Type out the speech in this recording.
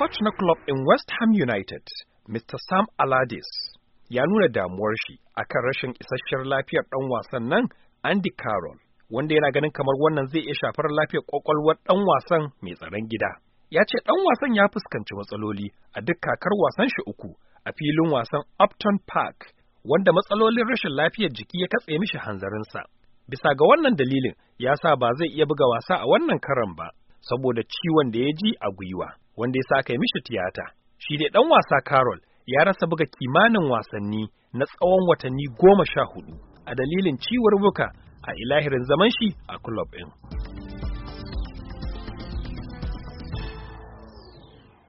coach na club in West Ham United, Mr. Sam Allardyce, ya nuna damuwar shi akan rashin isasshen lafiyar ɗan wasan nan Andy Carroll, wanda yana ganin kamar wannan zai iya shafar lafiyar ƙwaƙwalwar ɗan wasan mai tsaron gida. Ya ce ɗan wasan ya fuskanci matsaloli a duk kakar wasan shi uku a filin wasan Upton Park, wanda matsalolin rashin lafiyar jiki ya katse mishi hanzarinsa. Bisa ga wannan dalilin, ya sa ba zai iya buga wasa a wannan karan ba, saboda ciwon da ya ji a gwiwa. wanda ya sa yi mishi tiyata. Shi dai ɗan wasa Carol ya rasa buga kimanin wasanni na tsawon watanni goma sha hudu a dalilin ciwar buka a ilahirin zaman shi a kulob ɗin.